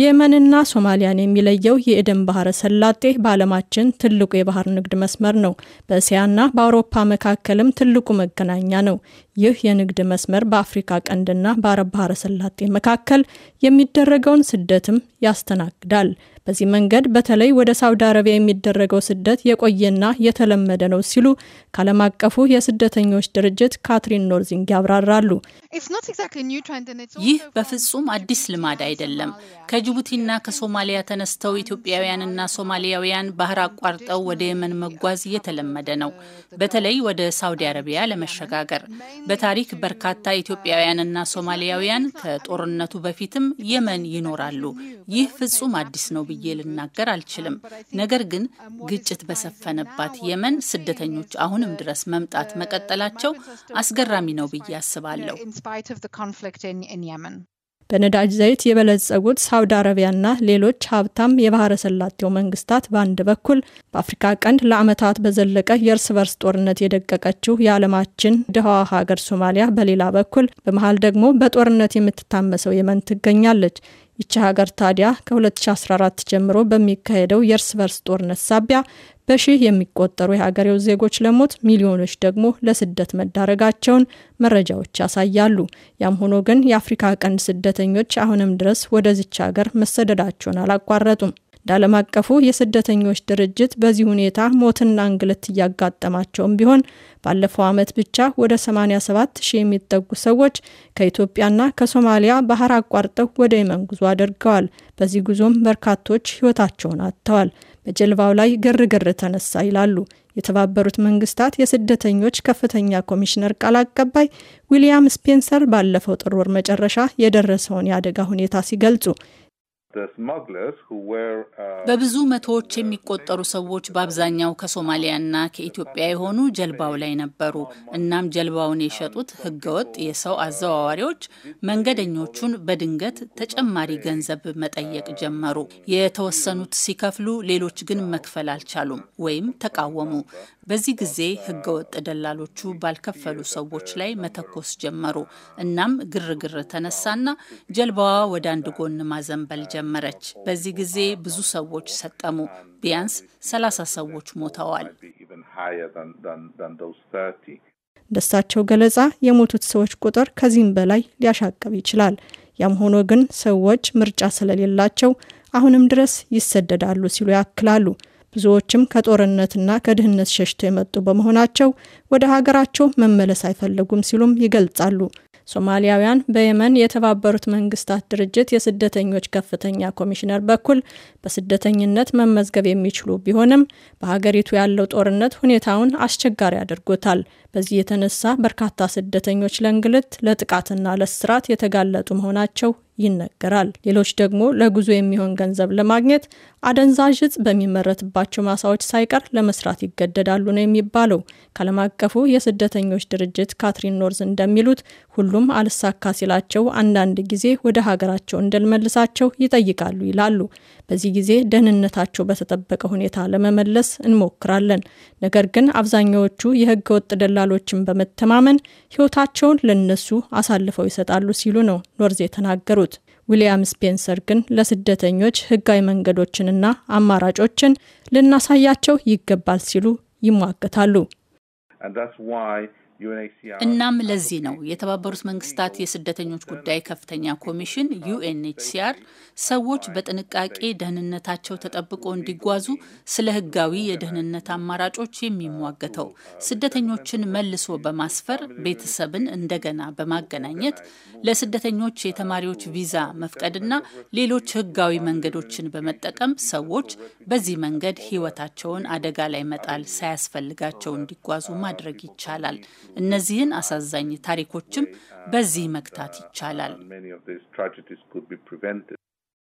የመንና ሶማሊያን የሚለየው የኤደን ባህረ ሰላጤ በዓለማችን ትልቁ የባህር ንግድ መስመር ነው። በእስያና በአውሮፓ መካከልም ትልቁ መገናኛ ነው። ይህ የንግድ መስመር በአፍሪካ ቀንድና በአረብ ባህረ ሰላጤ መካከል የሚደረገውን ስደትም ያስተናግዳል። በዚህ መንገድ በተለይ ወደ ሳውዲ አረቢያ የሚደረገው ስደት የቆየና የተለመደ ነው ሲሉ ከዓለም አቀፉ የስደተኞች ድርጅት ካትሪን ኖርዚንግ ያብራራሉ። ይህ በፍጹም አዲስ ልማድ አይደለም። ከጅቡቲና ከሶማሊያ ተነስተው ኢትዮጵያውያንና ሶማሊያውያን ባህር አቋርጠው ወደ የመን መጓዝ እየተለመደ ነው። በተለይ ወደ ሳውዲ አረቢያ ለመሸጋገር በታሪክ በርካታ ኢትዮጵያውያንና ሶማሊያውያን ከጦርነቱ በፊትም የመን ይኖራሉ። ይህ ፍጹም አዲስ ነው ብዬ ልናገር አልችልም። ነገር ግን ግጭት በሰፈነባት የመን ስደተኞች አሁንም ድረስ መምጣት መቀጠላቸው አስገራሚ ነው ብዬ አስባለሁ። በነዳጅ ዘይት የበለጸጉት ሳውዲ አረቢያና ሌሎች ሀብታም የባህረ ሰላጤው መንግስታት በአንድ በኩል በአፍሪካ ቀንድ ለአመታት በዘለቀ የእርስ በርስ ጦርነት የደቀቀችው የዓለማችን ድሃዋ ሀገር ሶማሊያ፣ በሌላ በኩል በመሀል ደግሞ በጦርነት የምትታመሰው የመን ትገኛለች። ይቺ ሀገር ታዲያ ከ2014 ጀምሮ በሚካሄደው የእርስ በርስ ጦርነት ሳቢያ በሺህ የሚቆጠሩ የሀገሬው ዜጎች ለሞት ሚሊዮኖች ደግሞ ለስደት መዳረጋቸውን መረጃዎች ያሳያሉ። ያም ሆኖ ግን የአፍሪካ ቀንድ ስደተኞች አሁንም ድረስ ወደዚች ሀገር መሰደዳቸውን አላቋረጡም። እንደ ዓለም አቀፉ የስደተኞች ድርጅት በዚህ ሁኔታ ሞትና እንግልት እያጋጠማቸውም ቢሆን ባለፈው ዓመት ብቻ ወደ 87 ሺህ የሚጠጉ ሰዎች ከኢትዮጵያና ከሶማሊያ ባህር አቋርጠው ወደ የመን ጉዞ አድርገዋል። በዚህ ጉዞም በርካቶች ሕይወታቸውን አጥተዋል። በጀልባው ላይ ግርግር ተነሳ ይላሉ የተባበሩት መንግስታት የስደተኞች ከፍተኛ ኮሚሽነር ቃል አቀባይ ዊሊያም ስፔንሰር ባለፈው ጥር ወር መጨረሻ የደረሰውን የአደጋ ሁኔታ ሲገልጹ Uh, በብዙ መቶዎች የሚቆጠሩ ሰዎች በአብዛኛው ከሶማሊያና ከኢትዮጵያ የሆኑ ጀልባው ላይ ነበሩ። እናም ጀልባውን የሸጡት ህገወጥ የሰው አዘዋዋሪዎች መንገደኞቹን በድንገት ተጨማሪ ገንዘብ መጠየቅ ጀመሩ። የተወሰኑት ሲከፍሉ፣ ሌሎች ግን መክፈል አልቻሉም ወይም ተቃወሙ። በዚህ ጊዜ ህገወጥ ደላሎቹ ባልከፈሉ ሰዎች ላይ መተኮስ ጀመሩ። እናም ግርግር ተነሳና ጀልባዋ ወደ አንድ ጎን ማዘንበል ጀመሩ። ጀመረች። በዚህ ጊዜ ብዙ ሰዎች ሰጠሙ። ቢያንስ 30 ሰዎች ሞተዋል። እንደሳቸው ገለጻ የሞቱት ሰዎች ቁጥር ከዚህም በላይ ሊያሻቅብ ይችላል። ያም ሆኖ ግን ሰዎች ምርጫ ስለሌላቸው አሁንም ድረስ ይሰደዳሉ ሲሉ ያክላሉ። ብዙዎችም ከጦርነትና ከድህነት ሸሽተው የመጡ በመሆናቸው ወደ ሀገራቸው መመለስ አይፈልጉም ሲሉም ይገልጻሉ። ሶማሊያውያን በየመን የተባበሩት መንግስታት ድርጅት የስደተኞች ከፍተኛ ኮሚሽነር በኩል በስደተኝነት መመዝገብ የሚችሉ ቢሆንም በሀገሪቱ ያለው ጦርነት ሁኔታውን አስቸጋሪ አድርጎታል። በዚህ የተነሳ በርካታ ስደተኞች ለእንግልት፣ ለጥቃትና ለስራት የተጋለጡ መሆናቸው ይነገራል። ሌሎች ደግሞ ለጉዞ የሚሆን ገንዘብ ለማግኘት አደንዛዥ እጽ በሚመረትባቸው ማሳዎች ሳይቀር ለመስራት ይገደዳሉ ነው የሚባለው። ከዓለም አቀፉ የስደተኞች ድርጅት ካትሪን ኖርዝ እንደሚሉት ሁሉም አልሳካ ሲላቸው አንዳንድ ጊዜ ወደ ሀገራቸው እንድንመልሳቸው ይጠይቃሉ ይላሉ። በዚህ ጊዜ ደህንነታቸው በተጠበቀ ሁኔታ ለመመለስ እንሞክራለን። ነገር ግን አብዛኛዎቹ የህገ ወጥ ደላሎችን በመተማመን ህይወታቸውን ለነሱ አሳልፈው ይሰጣሉ ሲሉ ነው ኖርዝ የተናገሩት። ዊልያም ስፔንሰር ግን ለስደተኞች ህጋዊ መንገዶችንና አማራጮችን ልናሳያቸው ይገባል ሲሉ ይሟገታሉ። እናም ለዚህ ነው የተባበሩት መንግስታት የስደተኞች ጉዳይ ከፍተኛ ኮሚሽን ዩኤንኤችሲአር ሰዎች በጥንቃቄ ደህንነታቸው ተጠብቆ እንዲጓዙ ስለ ሕጋዊ የደህንነት አማራጮች የሚሟገተው ስደተኞችን መልሶ በማስፈር ቤተሰብን እንደገና በማገናኘት ለስደተኞች የተማሪዎች ቪዛ መፍቀድና ሌሎች ሕጋዊ መንገዶችን በመጠቀም ሰዎች በዚህ መንገድ ሕይወታቸውን አደጋ ላይ መጣል ሳያስፈልጋቸው እንዲጓዙ ማድረግ ይቻላል። እነዚህን አሳዛኝ ታሪኮችም በዚህ መግታት ይቻላል።